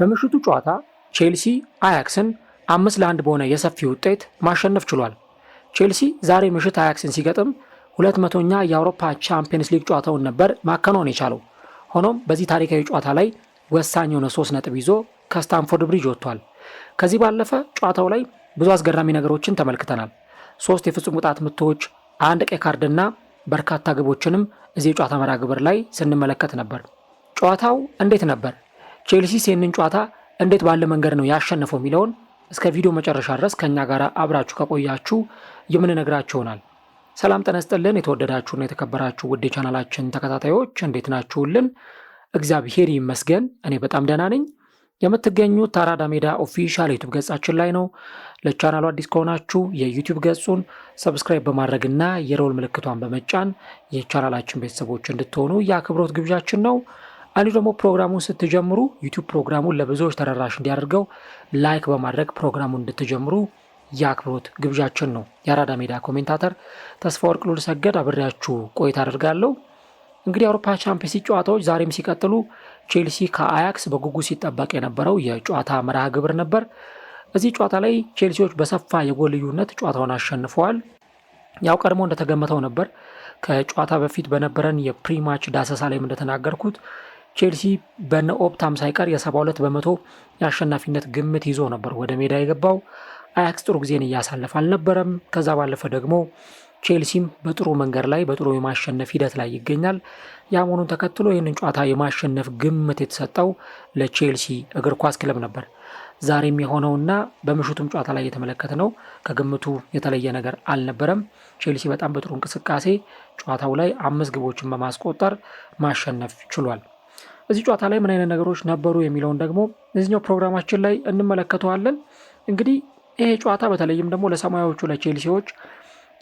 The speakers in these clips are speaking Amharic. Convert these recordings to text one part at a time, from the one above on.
በምሽቱ ጨዋታ ቼልሲ አያክስን አምስት ለአንድ በሆነ የሰፊ ውጤት ማሸነፍ ችሏል። ቼልሲ ዛሬ ምሽት አያክስን ሲገጥም ሁለት መቶኛ የአውሮፓ ቻምፒየንስ ሊግ ጨዋታውን ነበር ማከናወን የቻለው። ሆኖም በዚህ ታሪካዊ ጨዋታ ላይ ወሳኝ የሆነ ሶስት ነጥብ ይዞ ከስታንፎርድ ብሪጅ ወጥቷል። ከዚህ ባለፈ ጨዋታው ላይ ብዙ አስገራሚ ነገሮችን ተመልክተናል። ሶስት የፍጹም ቅጣት ምቶች፣ አንድ ቀይ ካርድና በርካታ ግቦችንም እዚህ የጨዋታ መርሃ ግብር ላይ ስንመለከት ነበር። ጨዋታው እንዴት ነበር? ቼልሲስ ይህንን ጨዋታ እንዴት ባለ መንገድ ነው ያሸነፈው የሚለውን እስከ ቪዲዮ መጨረሻ ድረስ ከእኛ ጋር አብራችሁ ከቆያችሁ የምንነግራችሁ ይሆናል። ሰላም ጠነስጥልን የተወደዳችሁና የተከበራችሁ ውድ ቻናላችን ተከታታዮች እንዴት ናችሁልን? እግዚአብሔር ይመስገን እኔ በጣም ደህና ነኝ። የምትገኙት አራዳ ሜዳ ኦፊሻል ዩቱብ ገጻችን ላይ ነው። ለቻናሉ አዲስ ከሆናችሁ የዩቱብ ገጹን ሰብስክራይብ በማድረግና የሮል ምልክቷን በመጫን የቻናላችን ቤተሰቦች እንድትሆኑ የአክብሮት ግብዣችን ነው። አንዱ ደግሞ ፕሮግራሙን ስትጀምሩ ዩቲዩብ ፕሮግራሙን ለብዙዎች ተደራሽ እንዲያደርገው ላይክ በማድረግ ፕሮግራሙን እንድትጀምሩ የአክብሮት ግብዣችን ነው። የአራዳ ሜዳ ኮሜንታተር ተስፋ ወርቅ ሉል ሰገድ አብሬያችሁ ቆይታ አደርጋለሁ። እንግዲህ የአውሮፓ ቻምፒየንስ ጨዋታዎች ዛሬም ሲቀጥሉ ቼልሲ ከአያክስ በጉጉ ሲጠበቅ የነበረው የጨዋታ መርሃ ግብር ነበር። እዚህ ጨዋታ ላይ ቼልሲዎች በሰፋ የጎል ልዩነት ጨዋታውን አሸንፈዋል። ያው ቀድሞ እንደተገመተው ነበር። ከጨዋታ በፊት በነበረን የፕሪማች ዳሰሳ ላይም እንደተናገርኩት ቼልሲ በነ ኦፕታም ሳይቀር የ72 በመቶ የአሸናፊነት ግምት ይዞ ነበር ወደ ሜዳ የገባው። አያክስ ጥሩ ጊዜን እያሳለፈ አልነበረም። ከዛ ባለፈ ደግሞ ቼልሲም በጥሩ መንገድ ላይ በጥሩ የማሸነፍ ሂደት ላይ ይገኛል። ያ መሆኑን ተከትሎ ይህንን ጨዋታ የማሸነፍ ግምት የተሰጠው ለቼልሲ እግር ኳስ ክለብ ነበር። ዛሬም የሆነውና በምሽቱም ጨዋታ ላይ የተመለከተ ነው ከግምቱ የተለየ ነገር አልነበረም። ቼልሲ በጣም በጥሩ እንቅስቃሴ ጨዋታው ላይ አምስት ግቦችን በማስቆጠር ማሸነፍ ችሏል። እዚህ ጨዋታ ላይ ምን አይነት ነገሮች ነበሩ የሚለውን ደግሞ እዚኛው ፕሮግራማችን ላይ እንመለከተዋለን። እንግዲህ ይሄ ጨዋታ በተለይም ደግሞ ለሰማያዎቹ ለቼልሲዎች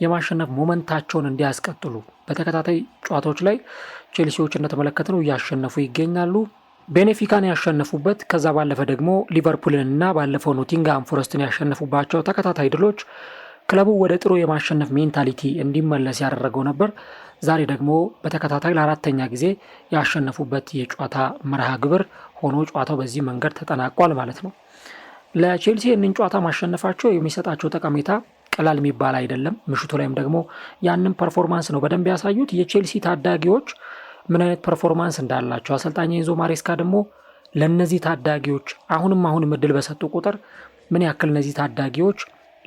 የማሸነፍ ሞመንታቸውን እንዲያስቀጥሉ በተከታታይ ጨዋታዎች ላይ ቼልሲዎች እንደተመለከትነው እያሸነፉ ይገኛሉ። ቤኔፊካን ያሸነፉበት ከዛ ባለፈ ደግሞ ሊቨርፑልንና ባለፈው ኖቲንግሃም ፎረስትን ያሸነፉባቸው ተከታታይ ድሎች ክለቡ ወደ ጥሩ የማሸነፍ ሜንታሊቲ እንዲመለስ ያደረገው ነበር። ዛሬ ደግሞ በተከታታይ ለአራተኛ ጊዜ ያሸነፉበት የጨዋታ መርሃ ግብር ሆኖ ጨዋታው በዚህ መንገድ ተጠናቋል ማለት ነው። ለቼልሲ ይህንን ጨዋታ ማሸነፋቸው የሚሰጣቸው ጠቀሜታ ቀላል የሚባል አይደለም። ምሽቱ ላይም ደግሞ ያንን ፐርፎርማንስ ነው በደንብ ያሳዩት። የቼልሲ ታዳጊዎች ምን አይነት ፐርፎርማንስ እንዳላቸው አሰልጣኝ ኤንዞ ማሬስካ ደግሞ ለእነዚህ ታዳጊዎች አሁንም አሁንም እድል በሰጡ ቁጥር ምን ያክል እነዚህ ታዳጊዎች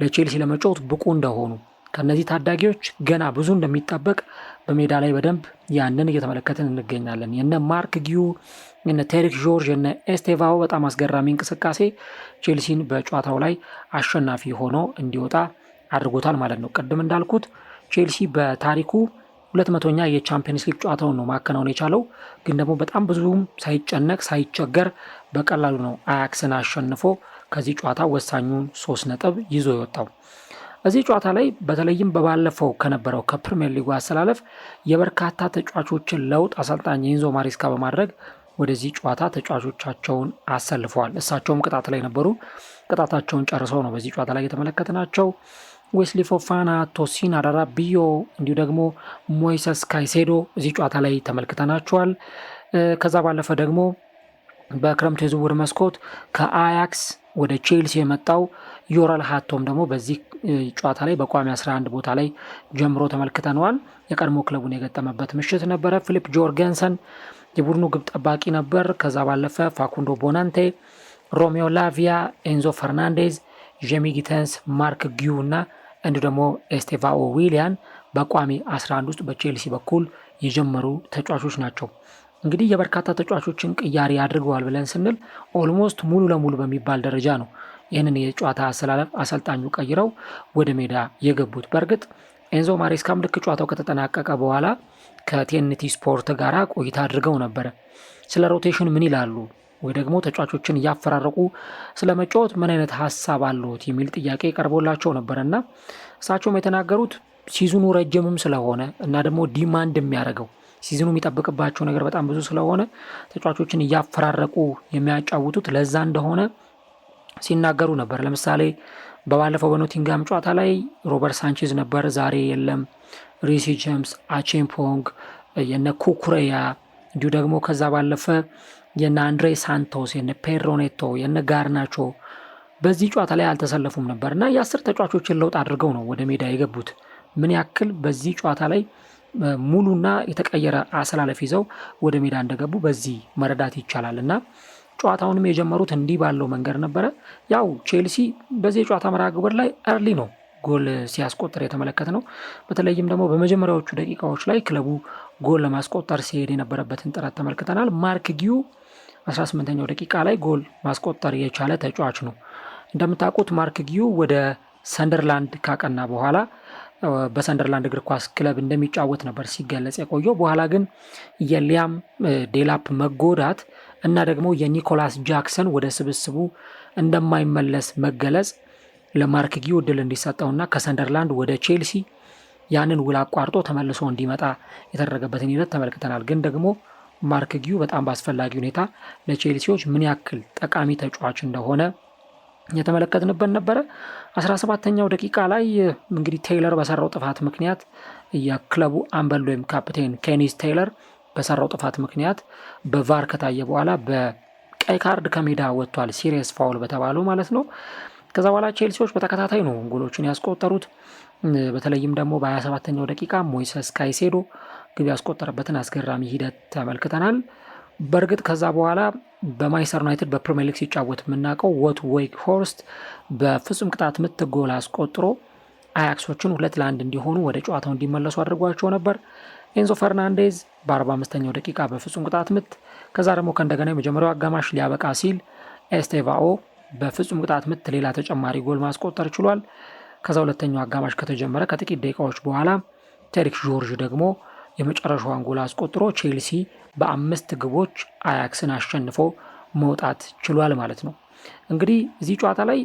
ለቼልሲ ለመጫወት ብቁ እንደሆኑ ከእነዚህ ታዳጊዎች ገና ብዙ እንደሚጠበቅ በሜዳ ላይ በደንብ ያንን እየተመለከትን እንገኛለን። የነ ማርክ ጊዩ፣ የነ ቴሪክ ጆርጅ፣ የነ ኤስቴቫው በጣም አስገራሚ እንቅስቃሴ ቼልሲን በጨዋታው ላይ አሸናፊ ሆኖ እንዲወጣ አድርጎታል ማለት ነው። ቅድም እንዳልኩት ቼልሲ በታሪኩ ሁለት መቶኛ የቻምፒየንስ ሊግ ጨዋታውን ነው ማከናወን የቻለው። ግን ደግሞ በጣም ብዙም ሳይጨነቅ ሳይቸገር በቀላሉ ነው አያክስን አሸንፎ ከዚህ ጨዋታ ወሳኙን ሶስት ነጥብ ይዞ የወጣው። እዚህ ጨዋታ ላይ በተለይም በባለፈው ከነበረው ከፕሪምየር ሊጉ አሰላለፍ የበርካታ ተጫዋቾችን ለውጥ አሰልጣኝ ኢንዞ ማሪስካ በማድረግ ወደዚህ ጨዋታ ተጫዋቾቻቸውን አሰልፈዋል። እሳቸውም ቅጣት ላይ ነበሩ። ቅጣታቸውን ጨርሰው ነው በዚህ ጨዋታ ላይ የተመለከትናቸው። ዌስሊ ፎፋና፣ ቶሲን አዳራ፣ ቢዮ እንዲሁ ደግሞ ሞይሰስ ካይሴዶ እዚህ ጨዋታ ላይ ተመልክተናቸዋል። ከዛ ባለፈ ደግሞ በክረምቱ የዝውውር መስኮት ከአያክስ ወደ ቼልሲ የመጣው ዮራል ሀቶም ደግሞ በዚህ ጨዋታ ላይ በቋሚ 11 ቦታ ላይ ጀምሮ ተመልክተነዋል። የቀድሞ ክለቡን የገጠመበት ምሽት ነበረ። ፊሊፕ ጆርገንሰን የቡድኑ ግብ ጠባቂ ነበር። ከዛ ባለፈ ፋኩንዶ ቦናንቴ፣ ሮሜዮ ላቪያ፣ ኤንዞ ፈርናንዴዝ፣ ጄሚ ጊተንስ፣ ማርክ ጊዩ እና እንዲሁ ደግሞ ኤስቴቫኦ ዊሊያን በቋሚ 11 ውስጥ በቼልሲ በኩል የጀመሩ ተጫዋቾች ናቸው። እንግዲህ የበርካታ ተጫዋቾችን ቅያሪ አድርገዋል ብለን ስንል ኦልሞስት ሙሉ ለሙሉ በሚባል ደረጃ ነው ይህንን የጨዋታ አሰላለፍ አሰልጣኙ ቀይረው ወደ ሜዳ የገቡት። በእርግጥ ኤንዞ ማሬስካም ልክ ጨዋታው ከተጠናቀቀ በኋላ ከቴንቲ ስፖርት ጋር ቆይታ አድርገው ነበረ። ስለ ሮቴሽን ምን ይላሉ? ወይ ደግሞ ተጫዋቾችን እያፈራረቁ ስለ መጫወት ምን አይነት ሀሳብ አለዎት የሚል ጥያቄ ቀርቦላቸው ነበረ እና እሳቸውም የተናገሩት ሲዝኑ ረጅምም ስለሆነ እና ደግሞ ዲማንድ የሚያደርገው ሲዝኑ የሚጠብቅባቸው ነገር በጣም ብዙ ስለሆነ ተጫዋቾችን እያፈራረቁ የሚያጫውቱት ለዛ እንደሆነ ሲናገሩ ነበር። ለምሳሌ በባለፈው በኖቲንጋም ጨዋታ ላይ ሮበርት ሳንቼዝ ነበር፣ ዛሬ የለም። ሪሲ ጀምስ፣ አቼምፖንግ፣ የነ ኩኩሬያ እንዲሁ ደግሞ ከዛ ባለፈ የነ አንድሬ ሳንቶስ የነ ፔሮኔቶ የነ ጋርናቾ በዚህ ጨዋታ ላይ አልተሰለፉም ነበር እና የአስር ተጫዋቾችን ለውጥ አድርገው ነው ወደ ሜዳ የገቡት። ምን ያክል በዚህ ጨዋታ ላይ ሙሉና የተቀየረ አሰላለፍ ይዘው ወደ ሜዳ እንደገቡ በዚህ መረዳት ይቻላል እና ጨዋታውንም የጀመሩት እንዲህ ባለው መንገድ ነበረ። ያው ቼልሲ በዚህ የጨዋታ መርሃ ግብር ላይ እርሊ ነው ጎል ሲያስቆጥር የተመለከት ነው። በተለይም ደግሞ በመጀመሪያዎቹ ደቂቃዎች ላይ ክለቡ ጎል ለማስቆጠር ሲሄድ የነበረበትን ጥረት ተመልክተናል። ማርክ ጊዩ 18ኛው ደቂቃ ላይ ጎል ማስቆጠር የቻለ ተጫዋች ነው። እንደምታውቁት ማርክ ጊዩ ወደ ሰንደርላንድ ካቀና በኋላ በሰንደርላንድ እግር ኳስ ክለብ እንደሚጫወት ነበር ሲገለጽ የቆየው። በኋላ ግን የሊያም ዴላፕ መጎዳት እና ደግሞ የኒኮላስ ጃክሰን ወደ ስብስቡ እንደማይመለስ መገለጽ ለማርክ ጊዩ እድል እንዲሰጠውና ከሰንደርላንድ ወደ ቼልሲ ያንን ውል አቋርጦ ተመልሶ እንዲመጣ የተደረገበትን ሂደት ተመልክተናል። ግን ደግሞ ማርክ ጊዩ በጣም በአስፈላጊ ሁኔታ ለቼልሲዎች ምን ያክል ጠቃሚ ተጫዋች እንደሆነ የተመለከትንበት ነበረ። አስራ ሰባተኛው ደቂቃ ላይ እንግዲህ ቴይለር በሰራው ጥፋት ምክንያት የክለቡ አምበል ወይም ካፕቴን ኬኒስ ቴይለር በሰራው ጥፋት ምክንያት በቫር ከታየ በኋላ በቀይ ካርድ ከሜዳ ወጥቷል። ሲሪየስ ፋውል በተባለው ማለት ነው። ከዛ በኋላ ቼልሲዎች በተከታታይ ነው ጎሎችን ያስቆጠሩት። በተለይም ደግሞ በ27ኛው ደቂቃ ሞይሰስ ካይሴዶ ግብ ያስቆጠረበትን አስገራሚ ሂደት ተመልክተናል። በእርግጥ ከዛ በኋላ በማንቸስተር ዩናይትድ በፕሪሚየር ሊግ ሲጫወት የምናውቀው ወት ዌክ ፎረስት በፍጹም ቅጣት ምት ጎል አስቆጥሮ አያክሶችን ሁለት ለአንድ እንዲሆኑ ወደ ጨዋታው እንዲመለሱ አድርጓቸው ነበር። ኤንዞ ፈርናንዴዝ በ45ኛው ደቂቃ በፍጹም ቅጣት ምት፣ ከዛ ደግሞ ከእንደገና የመጀመሪያው አጋማሽ ሊያበቃ ሲል ኤስቴቫኦ በፍጹም ቅጣት ምት ሌላ ተጨማሪ ጎል ማስቆጠር ችሏል። ከዛ ሁለተኛው አጋማሽ ከተጀመረ ከጥቂት ደቂቃዎች በኋላ ቴሪክ ጆርጅ ደግሞ የመጨረሻዋን ጎል አስቆጥሮ ቼልሲ በአምስት ግቦች አያክስን አሸንፎ መውጣት ችሏል ማለት ነው። እንግዲህ እዚህ ጨዋታ ላይ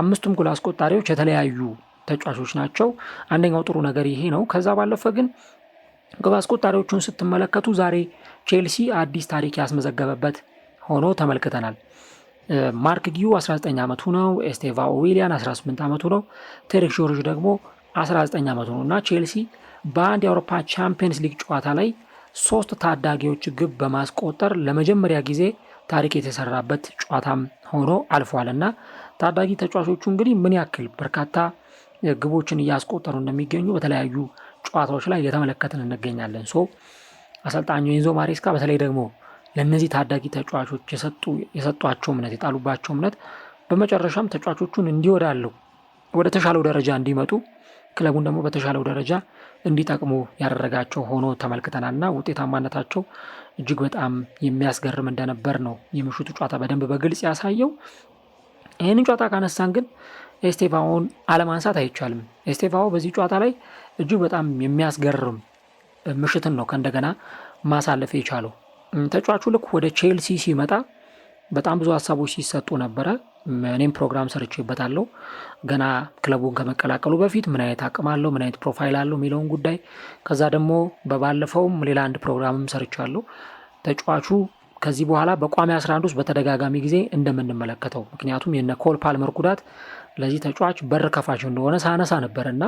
አምስቱም ጎል አስቆጣሪዎች የተለያዩ ተጫዋቾች ናቸው። አንደኛው ጥሩ ነገር ይሄ ነው። ከዛ ባለፈ ግን ግብ አስቆጣሪዎቹን ስትመለከቱ ዛሬ ቼልሲ አዲስ ታሪክ ያስመዘገበበት ሆኖ ተመልክተናል። ማርክ ጊዩ 19 ዓመቱ ነው። ኤስቴቫ ዊሊያን 18 ዓመቱ ነው። ቴሪክ ጆርጅ ደግሞ 19 ዓመቱ ነው እና ቼልሲ በአንድ የአውሮፓ ቻምፒየንስ ሊግ ጨዋታ ላይ ሶስት ታዳጊዎች ግብ በማስቆጠር ለመጀመሪያ ጊዜ ታሪክ የተሰራበት ጨዋታም ሆኖ አልፏል እና ታዳጊ ተጫዋቾቹ እንግዲህ ምን ያክል በርካታ ግቦችን እያስቆጠሩ እንደሚገኙ በተለያዩ ጨዋታዎች ላይ እየተመለከትን እንገኛለን። ሶ አሰልጣኙ ኢንዞ ማሬስካ በተለይ ደግሞ ለእነዚህ ታዳጊ ተጫዋቾች የሰጧቸው እምነት የጣሉባቸው እምነት በመጨረሻም ተጫዋቾቹን እንዲወዳለው ወደ ተሻለው ደረጃ እንዲመጡ ክለቡን ደግሞ በተሻለው ደረጃ እንዲጠቅሙ ያደረጋቸው ሆኖ ተመልክተናልና ውጤታማነታቸው እጅግ በጣም የሚያስገርም እንደነበር ነው የምሽቱ ጨዋታ በደንብ በግልጽ ያሳየው። ይህንን ጨዋታ ካነሳን ግን ኤስቴፋኦን አለማንሳት አይቻልም። ኤስቴፋኦ በዚህ ጨዋታ ላይ እጅግ በጣም የሚያስገርም ምሽትን ነው ከእንደገና ማሳለፍ የቻለው። ተጫዋቹ ልክ ወደ ቼልሲ ሲመጣ በጣም ብዙ ሀሳቦች ሲሰጡ ነበረ። እኔም ፕሮግራም ሰርቼበታለሁ። ገና ክለቡን ከመቀላቀሉ በፊት ምን አይነት አቅም አለው፣ ምን አይነት ፕሮፋይል አለው የሚለውን ጉዳይ ከዛ ደግሞ በባለፈውም ሌላ አንድ ፕሮግራምም ሰርቻለሁ። ተጫዋቹ ከዚህ በኋላ በቋሚ 11 ውስጥ በተደጋጋሚ ጊዜ እንደምንመለከተው ምክንያቱም የነ ኮል ፓልመር ጉዳት ለዚህ ተጫዋች በር ከፋች እንደሆነ ሳነሳ እና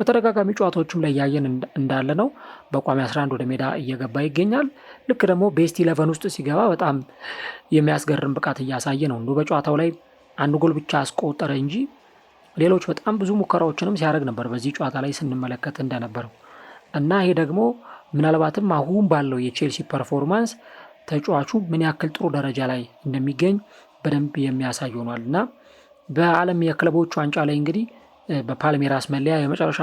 በተደጋጋሚ ጨዋታዎቹም ላይ እያየን እንዳለ ነው። በቋሚ 11 ወደ ሜዳ እየገባ ይገኛል። ልክ ደግሞ ቤስት ኢለቨን ውስጥ ሲገባ በጣም የሚያስገርም ብቃት እያሳየ ነው። እንዱ በጨዋታው ላይ አንድ ጎል ብቻ አስቆጠረ እንጂ ሌሎች በጣም ብዙ ሙከራዎችንም ሲያደርግ ነበር በዚህ ጨዋታ ላይ ስንመለከት እንደነበረው እና ይሄ ደግሞ ምናልባትም አሁን ባለው የቼልሲ ፐርፎርማንስ ተጫዋቹ ምን ያክል ጥሩ ደረጃ ላይ እንደሚገኝ በደንብ የሚያሳይ ሆኗል እና በዓለም የክለቦች ዋንጫ ላይ እንግዲህ በፓልሜራስ መለያ የመጨረሻ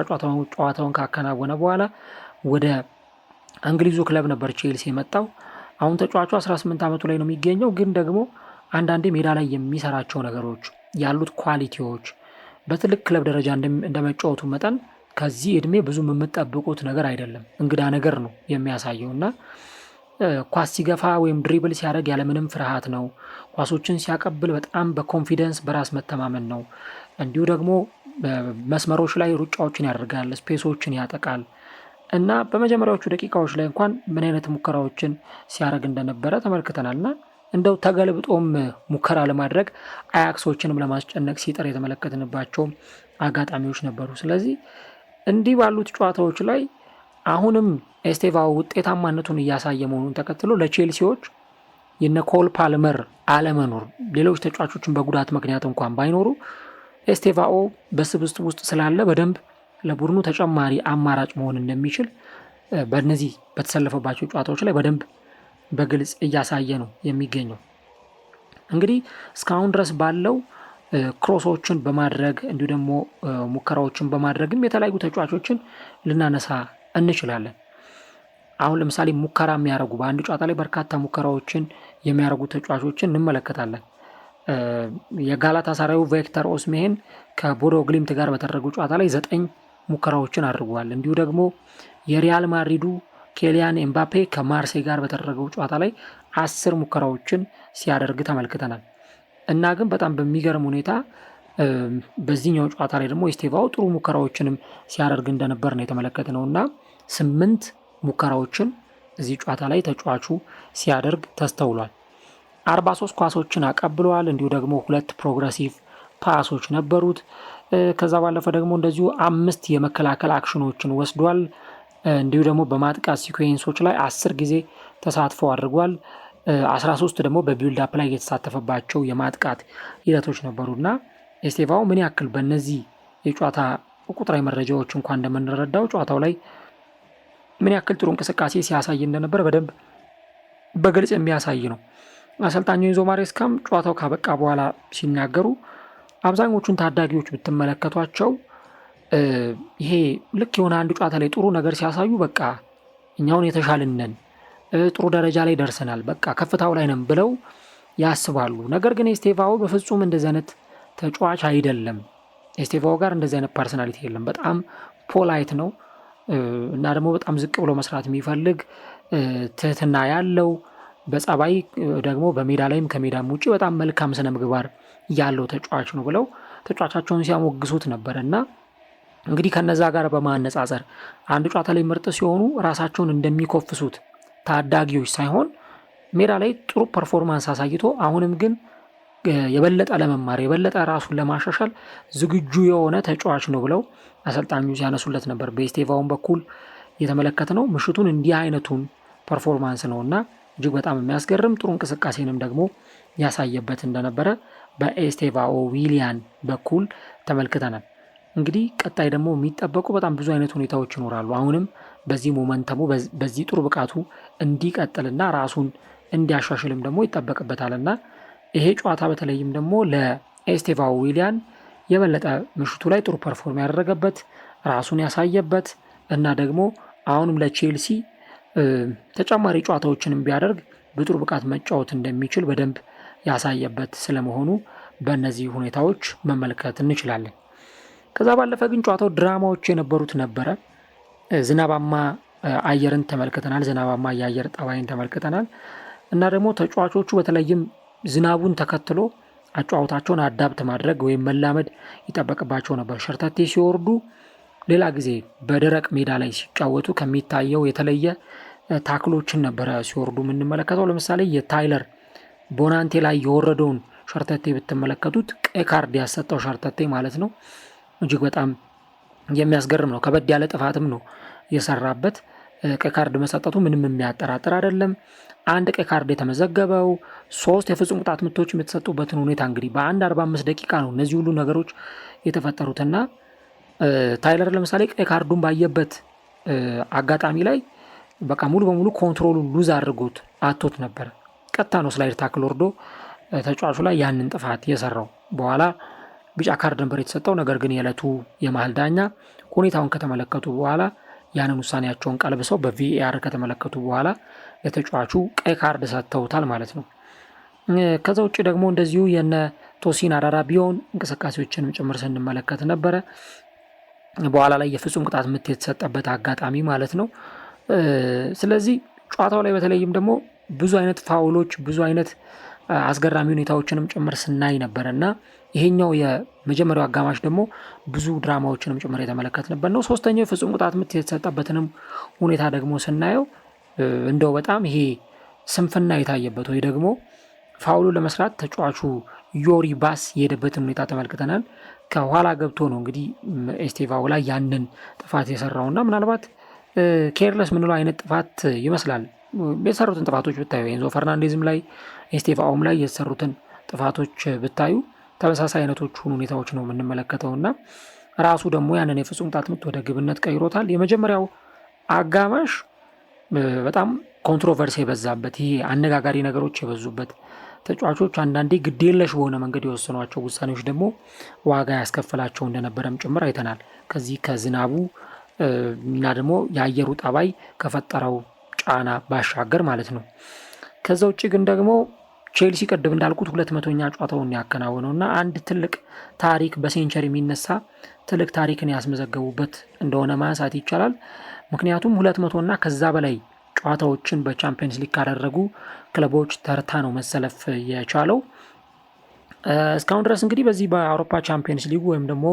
ጨዋታውን ካከናወነ በኋላ ወደ እንግሊዙ ክለብ ነበር ቼልሲ የመጣው። አሁን ተጫዋቹ 18 ዓመቱ ላይ ነው የሚገኘው። ግን ደግሞ አንዳንዴ ሜዳ ላይ የሚሰራቸው ነገሮች ያሉት ኳሊቲዎች በትልቅ ክለብ ደረጃ እንደመጫወቱ መጠን ከዚህ እድሜ ብዙ የምጠብቁት ነገር አይደለም። እንግዳ ነገር ነው የሚያሳየው እና ኳስ ሲገፋ ወይም ድሪብል ሲያደርግ ያለምንም ፍርሃት ነው። ኳሶችን ሲያቀብል በጣም በኮንፊደንስ በራስ መተማመን ነው። እንዲሁ ደግሞ መስመሮች ላይ ሩጫዎችን ያደርጋል፣ ስፔሶችን ያጠቃል እና በመጀመሪያዎቹ ደቂቃዎች ላይ እንኳን ምን አይነት ሙከራዎችን ሲያደርግ እንደነበረ ተመልክተናል እና እንደው ተገልብጦም ሙከራ ለማድረግ አያክሶችንም ለማስጨነቅ ሲጥር የተመለከትንባቸው አጋጣሚዎች ነበሩ። ስለዚህ እንዲህ ባሉት ጨዋታዎች ላይ አሁንም ኤስቴቫ ውጤታማነቱን እያሳየ መሆኑን ተከትሎ ለቼልሲዎች የነ ኮል ፓልመር አለመኖር ሌሎች ተጫዋቾችን በጉዳት ምክንያት እንኳን ባይኖሩ ኤስቴቫኦ በስብስት ውስጥ ስላለ በደንብ ለቡድኑ ተጨማሪ አማራጭ መሆን እንደሚችል በነዚህ በተሰለፈባቸው ጨዋታዎች ላይ በደንብ በግልጽ እያሳየ ነው የሚገኘው። እንግዲህ እስካሁን ድረስ ባለው ክሮሶችን በማድረግ እንዲሁ ደግሞ ሙከራዎችን በማድረግም የተለያዩ ተጫዋቾችን ልናነሳ እንችላለን። አሁን ለምሳሌ ሙከራ የሚያደርጉ በአንድ ጨዋታ ላይ በርካታ ሙከራዎችን የሚያደርጉ ተጫዋቾችን እንመለከታለን። የጋላታ አሳራዊ ቬክተር ኦስሜሄን ከቦዶ ግሊምት ጋር በተደረገው ጨዋታ ላይ ዘጠኝ ሙከራዎችን አድርጓል። እንዲሁ ደግሞ የሪያል ማድሪዱ ኬሊያን ኤምባፔ ከማርሴ ጋር በተደረገው ጨዋታ ላይ አስር ሙከራዎችን ሲያደርግ ተመልክተናል እና ግን በጣም በሚገርም ሁኔታ በዚህኛው ጨዋታ ላይ ደግሞ ኢስቴቫው ጥሩ ሙከራዎችንም ሲያደርግ እንደነበር ነው ነው እና ስምንት ሙከራዎችን እዚህ ጨዋታ ላይ ተጫዋቹ ሲያደርግ ተስተውሏል። 43 ኳሶችን አቀብለዋል። እንዲሁ ደግሞ ሁለት ፕሮግረሲቭ ፓሶች ነበሩት። ከዛ ባለፈ ደግሞ እንደዚሁ አምስት የመከላከል አክሽኖችን ወስዷል። እንዲሁ ደግሞ በማጥቃት ሲኩዌንሶች ላይ አስር ጊዜ ተሳትፎ አድርጓል። 13 ደግሞ በቢልድ አፕ ላይ የተሳተፈባቸው የማጥቃት ሂደቶች እና ኤስቴቫው ምን ያክል በእነዚህ የጨዋታ ቁጥራዊ መረጃዎች እንኳን እንደምንረዳው ጨዋታው ላይ ምን ያክል ጥሩ እንቅስቃሴ ሲያሳይ እንደነበረ በደንብ በግልጽ የሚያሳይ ነው። አሰልጣኙ ኢንዞ ማሬስካም ጨዋታው ካበቃ በኋላ ሲናገሩ አብዛኞቹን ታዳጊዎች ብትመለከቷቸው ይሄ ልክ የሆነ አንድ ጨዋታ ላይ ጥሩ ነገር ሲያሳዩ በቃ እኛውን የተሻልነን ጥሩ ደረጃ ላይ ደርሰናል፣ በቃ ከፍታው ላይ ነን ብለው ያስባሉ። ነገር ግን ኤስቴቫኦ በፍጹም እንደዚህ አይነት ተጫዋች አይደለም። ኤስቴቫኦ ጋር እንደዚህ አይነት ፐርሰናሊቲ የለም። በጣም ፖላይት ነው እና ደግሞ በጣም ዝቅ ብሎ መስራት የሚፈልግ ትህትና ያለው በጸባይ ደግሞ በሜዳ ላይም ከሜዳም ውጭ በጣም መልካም ስነ ምግባር ያለው ተጫዋች ነው ብለው ተጫዋቻቸውን ሲያሞግሱት ነበረ እና እንግዲህ ከነዛ ጋር በማነጻጸር አንድ ጨዋታ ላይ ምርጥ ሲሆኑ ራሳቸውን እንደሚኮፍሱት ታዳጊዎች ሳይሆን ሜዳ ላይ ጥሩ ፐርፎርማንስ አሳይቶ አሁንም ግን የበለጠ ለመማር የበለጠ ራሱን ለማሻሻል ዝግጁ የሆነ ተጫዋች ነው ብለው አሰልጣኙ ሲያነሱለት ነበር። በስቴቫውን በኩል የተመለከት ነው ምሽቱን እንዲህ አይነቱን ፐርፎርማንስ ነው እና እጅግ በጣም የሚያስገርም ጥሩ እንቅስቃሴንም ደግሞ ያሳየበት እንደነበረ በኤስቴቫኦ ዊሊያን በኩል ተመልክተናል። እንግዲህ ቀጣይ ደግሞ የሚጠበቁ በጣም ብዙ አይነት ሁኔታዎች ይኖራሉ። አሁንም በዚህ ሞመንተሙ በዚህ ጥሩ ብቃቱ እንዲቀጥልና ራሱን እንዲያሻሽልም ደግሞ ይጠበቅበታልና ይሄ ጨዋታ በተለይም ደግሞ ለኤስቴቫኦ ዊሊያን የበለጠ ምሽቱ ላይ ጥሩ ፐርፎርም ያደረገበት ራሱን ያሳየበት እና ደግሞ አሁንም ለቼልሲ ተጨማሪ ጨዋታዎችንም ቢያደርግ በጥሩ ብቃት መጫወት እንደሚችል በደንብ ያሳየበት ስለመሆኑ በእነዚህ ሁኔታዎች መመልከት እንችላለን። ከዛ ባለፈ ግን ጨዋታው ድራማዎች የነበሩት ነበረ። ዝናባማ አየርን ተመልክተናል። ዝናባማ የአየር ጠባይን ተመልክተናል እና ደግሞ ተጫዋቾቹ በተለይም ዝናቡን ተከትሎ አጫዋወታቸውን አዳብት ማድረግ ወይም መላመድ ይጠበቅባቸው ነበር። ሸርተቴ ሲወርዱ ሌላ ጊዜ በደረቅ ሜዳ ላይ ሲጫወቱ ከሚታየው የተለየ ታክሎችን ነበረ ሲወርዱ የምንመለከተው። ለምሳሌ የታይለር ቦናንቴ ላይ የወረደውን ሸርተቴ ብትመለከቱት ቀይ ካርድ ያሰጠው ሸርተቴ ማለት ነው። እጅግ በጣም የሚያስገርም ነው። ከበድ ያለ ጥፋትም ነው የሰራበት። ቀይ ካርድ መሰጠቱ ምንም የሚያጠራጥር አይደለም። አንድ ቀይ ካርድ የተመዘገበው ሶስት የፍጹም ቅጣት ምቶች የተሰጡበትን ሁኔታ እንግዲህ በአንድ አርባ አምስት ደቂቃ ነው እነዚህ ሁሉ ነገሮች የተፈጠሩትና ታይለር ለምሳሌ ቀይ ካርዱን ባየበት አጋጣሚ ላይ በቃ ሙሉ በሙሉ ኮንትሮሉን ሉዝ አድርጎት አቶት ነበረ። ቀጥታ ነው ስላይድ ታክል ወርዶ ተጫዋቹ ላይ ያንን ጥፋት የሰራው። በኋላ ቢጫ ካርድ ነበር የተሰጠው። ነገር ግን የዕለቱ የመሀል ዳኛ ሁኔታውን ከተመለከቱ በኋላ ያንን ውሳኔያቸውን ቀልብሰው በቪኤአር ከተመለከቱ በኋላ ለተጫዋቹ ቀይ ካርድ ሰጥተውታል ማለት ነው። ከዛ ውጭ ደግሞ እንደዚሁ የነ ቶሲን አዳራ ቢሆን እንቅስቃሴዎችንም ጭምር ስንመለከት ነበረ። በኋላ ላይ የፍጹም ቅጣት ምት የተሰጠበት አጋጣሚ ማለት ነው። ስለዚህ ጨዋታው ላይ በተለይም ደግሞ ብዙ አይነት ፋውሎች ብዙ አይነት አስገራሚ ሁኔታዎችንም ጭምር ስናይ ነበረ እና ይሄኛው የመጀመሪያው አጋማሽ ደግሞ ብዙ ድራማዎችንም ጭምር የተመለከትንበት ነው። ሶስተኛው የፍጹም ቅጣት ምት የተሰጠበትንም ሁኔታ ደግሞ ስናየው እንደው በጣም ይሄ ስንፍና የታየበት ወይ ደግሞ ፋውሉ ለመስራት ተጫዋቹ ዮሪ ባስ የሄደበትን ሁኔታ ተመልክተናል። ከኋላ ገብቶ ነው እንግዲህ ኤስቴቫው ላይ ያንን ጥፋት የሰራውና ምናልባት ኬርለስ ምንለው አይነት ጥፋት ይመስላል። የተሰሩትን ጥፋቶች ብታዩ ኤንዞ ፈርናንዴዝም ላይ ኢስቴፋኦም ላይ የተሰሩትን ጥፋቶች ብታዩ ተመሳሳይ አይነቶቹን ሁኔታዎች ነው የምንመለከተው እና ራሱ ደግሞ ያንን የፍጹም ቅጣት ምት ወደ ግብነት ቀይሮታል። የመጀመሪያው አጋማሽ በጣም ኮንትሮቨርሲ የበዛበት ይሄ አነጋጋሪ ነገሮች የበዙበት ተጫዋቾች አንዳንዴ ግዴለሽ በሆነ መንገድ የወሰኗቸው ውሳኔዎች ደግሞ ዋጋ ያስከፈላቸው እንደነበረም ጭምር አይተናል። ከዚህ ከዝናቡ እና ደግሞ የአየሩ ጠባይ ከፈጠረው ጫና ባሻገር ማለት ነው። ከዛ ውጭ ግን ደግሞ ቼልሲ ቅድም እንዳልኩት ሁለት መቶኛ ጨዋታውን ያከናወነው እና አንድ ትልቅ ታሪክ በሴንቸር የሚነሳ ትልቅ ታሪክን ያስመዘገቡበት እንደሆነ ማንሳት ይቻላል። ምክንያቱም ሁለት መቶና ከዛ በላይ ጨዋታዎችን በቻምፒየንስ ሊግ ካደረጉ ክለቦች ተርታ ነው መሰለፍ የቻለው። እስካሁን ድረስ እንግዲህ በዚህ በአውሮፓ ቻምፒየንስ ሊጉ ወይም ደግሞ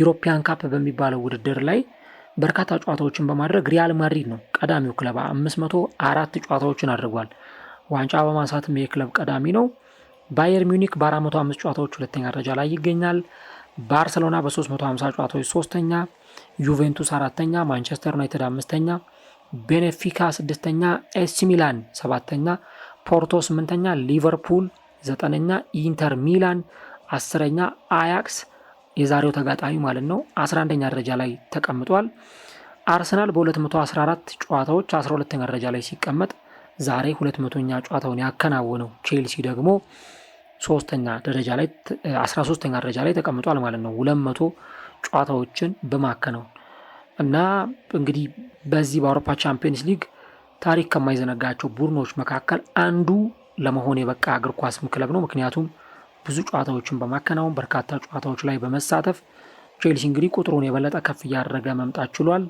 ዩሮፒያን ካፕ በሚባለው ውድድር ላይ በርካታ ጨዋታዎችን በማድረግ ሪያል ማድሪድ ነው ቀዳሚው ክለብ። አምስት መቶ አራት ጨዋታዎችን አድርጓል። ዋንጫ በማንሳትም የክለብ ቀዳሚ ነው። ባየር ሚኒክ በ405 ጨዋታዎች ሁለተኛ ደረጃ ላይ ይገኛል። ባርሰሎና በ350 ጨዋታዎች ሶስተኛ፣ ዩቬንቱስ አራተኛ፣ ማንቸስተር ዩናይትድ አምስተኛ፣ ቤኔፊካ ስድስተኛ፣ ኤሲ ሚላን ሰባተኛ፣ ፖርቶ ስምንተኛ፣ ሊቨርፑል ዘጠነኛ፣ ኢንተር ሚላን አስረኛ፣ አያክስ የዛሬው ተጋጣሚ ማለት ነው 11ኛ ደረጃ ላይ ተቀምጧል። አርሰናል በ214 ጨዋታዎች 12ኛ ደረጃ ላይ ሲቀመጥ ዛሬ 200ኛ ጨዋታውን ያከናወነው ቼልሲ ደግሞ ሶስተኛ ደረጃ ላይ 13ኛ ደረጃ ላይ ተቀምጧል ማለት ነው 200 ጨዋታዎችን በማከናወን እና እንግዲህ በዚህ በአውሮፓ ቻምፒየንስ ሊግ ታሪክ ከማይዘነጋቸው ቡድኖች መካከል አንዱ ለመሆን የበቃ እግር ኳስም ክለብ ነው ምክንያቱም ብዙ ጨዋታዎችን በማከናወን በርካታ ጨዋታዎች ላይ በመሳተፍ ቼልሲ እንግዲህ ቁጥሩን የበለጠ ከፍ እያደረገ መምጣት ችሏል።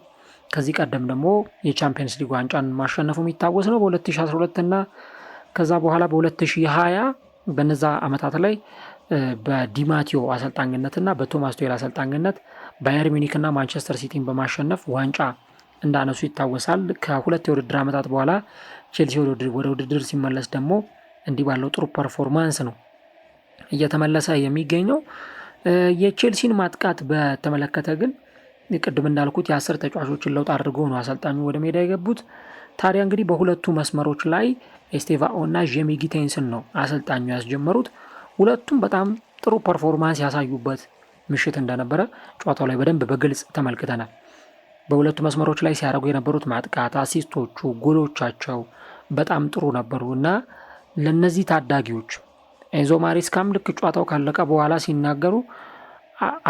ከዚህ ቀደም ደግሞ የቻምፒየንስ ሊግ ዋንጫን ማሸነፉ የሚታወስ ነው። በ2012 እና ከዛ በኋላ በ2020 በነዛ ዓመታት ላይ በዲማቴዮ አሰልጣኝነትና በቶማስ ቱሄል አሰልጣኝነት ባየር እና ማንቸስተር ሲቲን በማሸነፍ ዋንጫ እንዳነሱ ይታወሳል። ከሁለት የውድድር ዓመታት በኋላ ቼልሲ ወደ ውድድር ሲመለስ ደግሞ እንዲህ ባለው ጥሩ ፐርፎርማንስ ነው እየተመለሰ የሚገኘው። የቼልሲን ማጥቃት በተመለከተ ግን ቅድም እንዳልኩት የአስር ተጫዋቾችን ለውጥ አድርገው ነው አሰልጣኙ ወደ ሜዳ የገቡት። ታዲያ እንግዲህ በሁለቱ መስመሮች ላይ ኤስቴቫኦ እና ጄሚ ጊቴንስን ነው አሰልጣኙ ያስጀመሩት። ሁለቱም በጣም ጥሩ ፐርፎርማንስ ያሳዩበት ምሽት እንደነበረ ጨዋታው ላይ በደንብ በግልጽ ተመልክተናል። በሁለቱ መስመሮች ላይ ሲያደርጉ የነበሩት ማጥቃት፣ አሲስቶቹ፣ ጎሎቻቸው በጣም ጥሩ ነበሩ እና ለእነዚህ ታዳጊዎች ኤንዞ ማሪስካም ልክ ጨዋታው ካለቀ በኋላ ሲናገሩ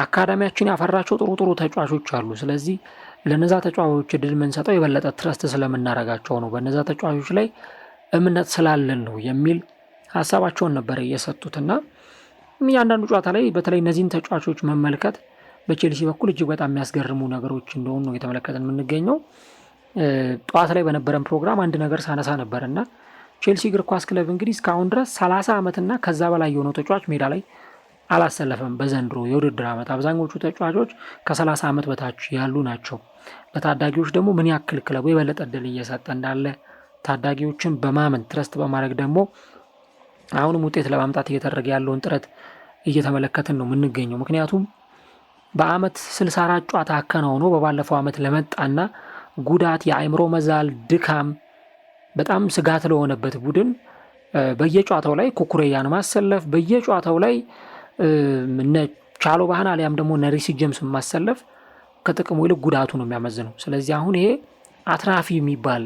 አካዳሚያችን ያፈራቸው ጥሩ ጥሩ ተጫዋቾች አሉ። ስለዚህ ለነዛ ተጫዋቾች እድል የምንሰጠው የበለጠ ትረስት ስለምናደርጋቸው ነው፣ በነዛ ተጫዋቾች ላይ እምነት ስላለን ነው የሚል ሀሳባቸውን ነበር የሰጡትና እያንዳንዱ ጨዋታ ላይ በተለይ እነዚህን ተጫዋቾች መመልከት በቼልሲ በኩል እጅግ በጣም የሚያስገርሙ ነገሮች እንደሆኑ ነው የተመለከተን የምንገኘው። ጠዋት ላይ በነበረን ፕሮግራም አንድ ነገር ሳነሳ ነበርና ቼልሲ እግር ኳስ ክለብ እንግዲህ እስካሁን ድረስ 30 ዓመትና ከዛ በላይ የሆነው ተጫዋች ሜዳ ላይ አላሰለፈም። በዘንድሮ የውድድር ዓመት አብዛኞቹ ተጫዋቾች ከ30 ዓመት በታች ያሉ ናቸው። ለታዳጊዎች ደግሞ ምን ያክል ክለቡ የበለጠ እድል እየሰጠ እንዳለ ታዳጊዎችን በማመን ትረስት በማድረግ ደግሞ አሁንም ውጤት ለማምጣት እየተደረገ ያለውን ጥረት እየተመለከትን ነው የምንገኘው። ምክንያቱም በአመት 64 ጨዋታ አከናውኖ በባለፈው አመት ለመጣና ጉዳት የአእምሮ መዛል ድካም በጣም ስጋት ለሆነበት ቡድን በየጨዋታው ላይ ኩኩሬያን ማሰለፍ፣ በየጨዋታው ላይ እነ ቻሎ ባህን አሊያም ደግሞ ነሪሲ ጀምስ ማሰለፍ ከጥቅሙ ይልቅ ጉዳቱ ነው የሚያመዝነው። ስለዚህ አሁን ይሄ አትራፊ የሚባል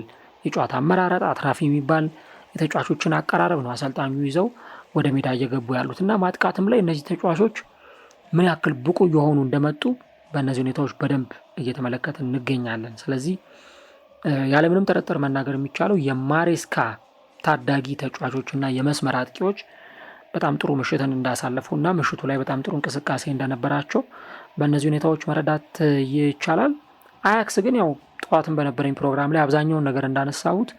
የጨዋታ አመራረጥ፣ አትራፊ የሚባል የተጫዋቾችን አቀራረብ ነው አሰልጣኙ ይዘው ወደ ሜዳ እየገቡ ያሉት እና ማጥቃትም ላይ እነዚህ ተጫዋቾች ምን ያክል ብቁ የሆኑ እንደመጡ በእነዚህ ሁኔታዎች በደንብ እየተመለከት እንገኛለን። ስለዚህ ያለምንም ጥርጥር መናገር የሚቻለው የማሬስካ ታዳጊ ተጫዋቾች እና የመስመር አጥቂዎች በጣም ጥሩ ምሽትን እንዳሳለፉ እና ምሽቱ ላይ በጣም ጥሩ እንቅስቃሴ እንደነበራቸው በእነዚህ ሁኔታዎች መረዳት ይቻላል። አያክስ ግን ያው ጠዋትን በነበረኝ ፕሮግራም ላይ አብዛኛውን ነገር እንዳነሳሁት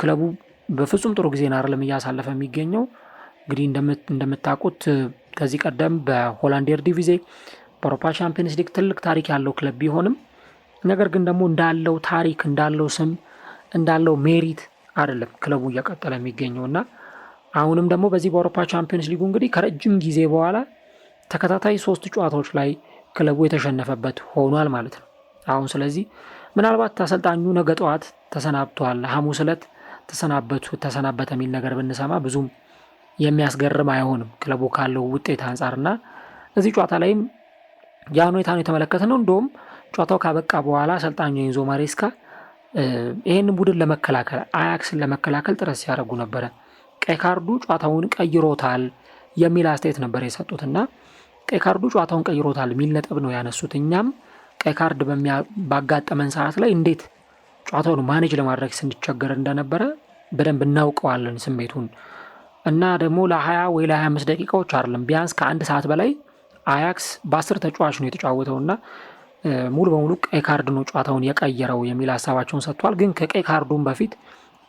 ክለቡ በፍጹም ጥሩ ጊዜን አይደለም እያሳለፈ የሚገኘው። እንግዲህ እንደምታውቁት ከዚህ ቀደም በሆላንድ ዲቪዜ በአውሮፓ ቻምፒየንስ ሊግ ትልቅ ታሪክ ያለው ክለብ ቢሆንም ነገር ግን ደግሞ እንዳለው ታሪክ እንዳለው ስም እንዳለው ሜሪት አይደለም ክለቡ እያቀጠለ የሚገኘው እና አሁንም ደግሞ በዚህ በአውሮፓ ቻምፒዮንስ ሊጉ እንግዲህ ከረጅም ጊዜ በኋላ ተከታታይ ሶስት ጨዋታዎች ላይ ክለቡ የተሸነፈበት ሆኗል ማለት ነው። አሁን ስለዚህ ምናልባት አሰልጣኙ ነገ ጠዋት ተሰናብተዋል፣ ሐሙስ ዕለት ተሰናበቱ ተሰናበተ የሚል ነገር ብንሰማ ብዙም የሚያስገርም አይሆንም ክለቡ ካለው ውጤት አንጻርና እዚህ ጨዋታ ላይም ያን ሁኔታ ነው የተመለከተ ነው እንደውም ጨዋታው ካበቃ በኋላ አሰልጣኙ ኤንዞ ማሬስካ ይህን ቡድን ለመከላከል አያክስን ለመከላከል ጥረት ሲያደርጉ ነበረ። ቀይ ካርዱ ጨዋታውን ቀይሮታል የሚል አስተያየት ነበር የሰጡት እና ቀይ ካርዱ ጨዋታውን ቀይሮታል የሚል ነጥብ ነው ያነሱት። እኛም ቀይ ካርድ ባጋጠመን ሰዓት ላይ እንዴት ጨዋታውን ማኔጅ ለማድረግ ስንቸገር እንደነበረ በደንብ እናውቀዋለን ስሜቱን እና ደግሞ ለ ወይ ለ አምስት ደቂቃዎች አይደለም ቢያንስ ከአንድ ሰዓት በላይ አያክስ በአስር ተጫዋች ነው የተጫወተውና ሙሉ በሙሉ ቀይ ካርድ ነው ጨዋታውን የቀየረው የሚል ሀሳባቸውን ሰጥቷል። ግን ከቀይ ካርዱን በፊት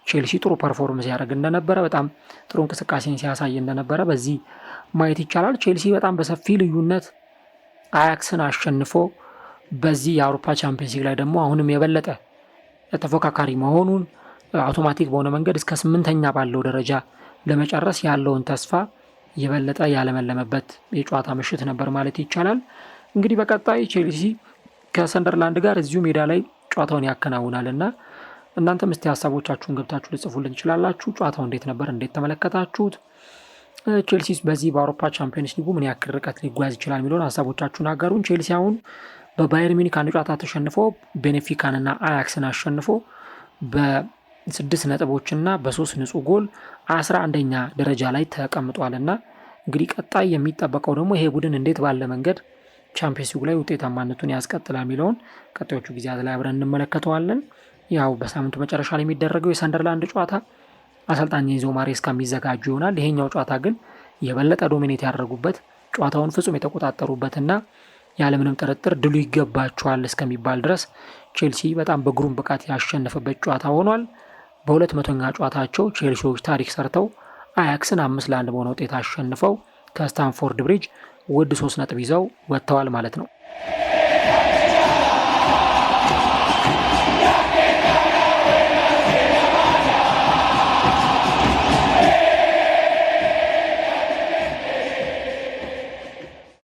ቼልሲ ጥሩ ፐርፎርም ሲያደርግ እንደነበረ በጣም ጥሩ እንቅስቃሴን ሲያሳይ እንደነበረ በዚህ ማየት ይቻላል። ቼልሲ በጣም በሰፊ ልዩነት አያክስን አሸንፎ በዚህ የአውሮፓ ቻምፒየንስ ሊግ ላይ ደግሞ አሁንም የበለጠ ተፎካካሪ መሆኑን አውቶማቲክ በሆነ መንገድ እስከ ስምንተኛ ባለው ደረጃ ለመጨረስ ያለውን ተስፋ የበለጠ ያለመለመበት የጨዋታ ምሽት ነበር ማለት ይቻላል። እንግዲህ በቀጣይ ቼልሲ ከሰንደርላንድ ጋር እዚሁ ሜዳ ላይ ጨዋታውን ያከናውናል እና እናንተም እስቲ ሀሳቦቻችሁን ገብታችሁ ልጽፉልን ትችላላችሁ። ጨዋታው እንዴት ነበር? እንዴት ተመለከታችሁት? ቼልሲስ በዚህ በአውሮፓ ቻምፒዮንስ ሊጉ ምን ያክል ርቀት ሊጓዝ ይችላል የሚለውን ሀሳቦቻችሁን አገሩን። ቼልሲ አሁን በባየር ሚኒክ አንድ ጨዋታ ተሸንፎ ቤኔፊካንና አያክስን አሸንፎ በስድስት ነጥቦችና በሶስት ንጹህ ጎል አስራ አንደኛ ደረጃ ላይ ተቀምጧልና እንግዲህ ቀጣይ የሚጠበቀው ደግሞ ይሄ ቡድን እንዴት ባለ መንገድ ቻምፒየንስ ሊጉ ላይ ውጤታማነቱን ያስቀጥላል የሚለውን ቀጣዮቹ ጊዜያት ላይ አብረን እንመለከተዋለን። ያው በሳምንቱ መጨረሻ ላይ የሚደረገው የሰንደርላንድ ጨዋታ አሰልጣኝ ኢንዞ ማሬስካ የሚዘጋጁ ይሆናል። ይሄኛው ጨዋታ ግን የበለጠ ዶሚኔት ያደረጉበት ጨዋታውን ፍጹም የተቆጣጠሩበትና ያለምንም ጥርጥር ድሉ ይገባቸዋል እስከሚባል ድረስ ቼልሲ በጣም በግሩም ብቃት ያሸነፈበት ጨዋታ ሆኗል። በሁለት መቶኛ ጨዋታቸው ቼልሲዎች ታሪክ ሰርተው አያክስን አምስት ለአንድ በሆነ ውጤት አሸንፈው ከስታንፎርድ ብሪጅ ውድ ሶስት ነጥብ ይዘው ወጥተዋል ማለት ነው።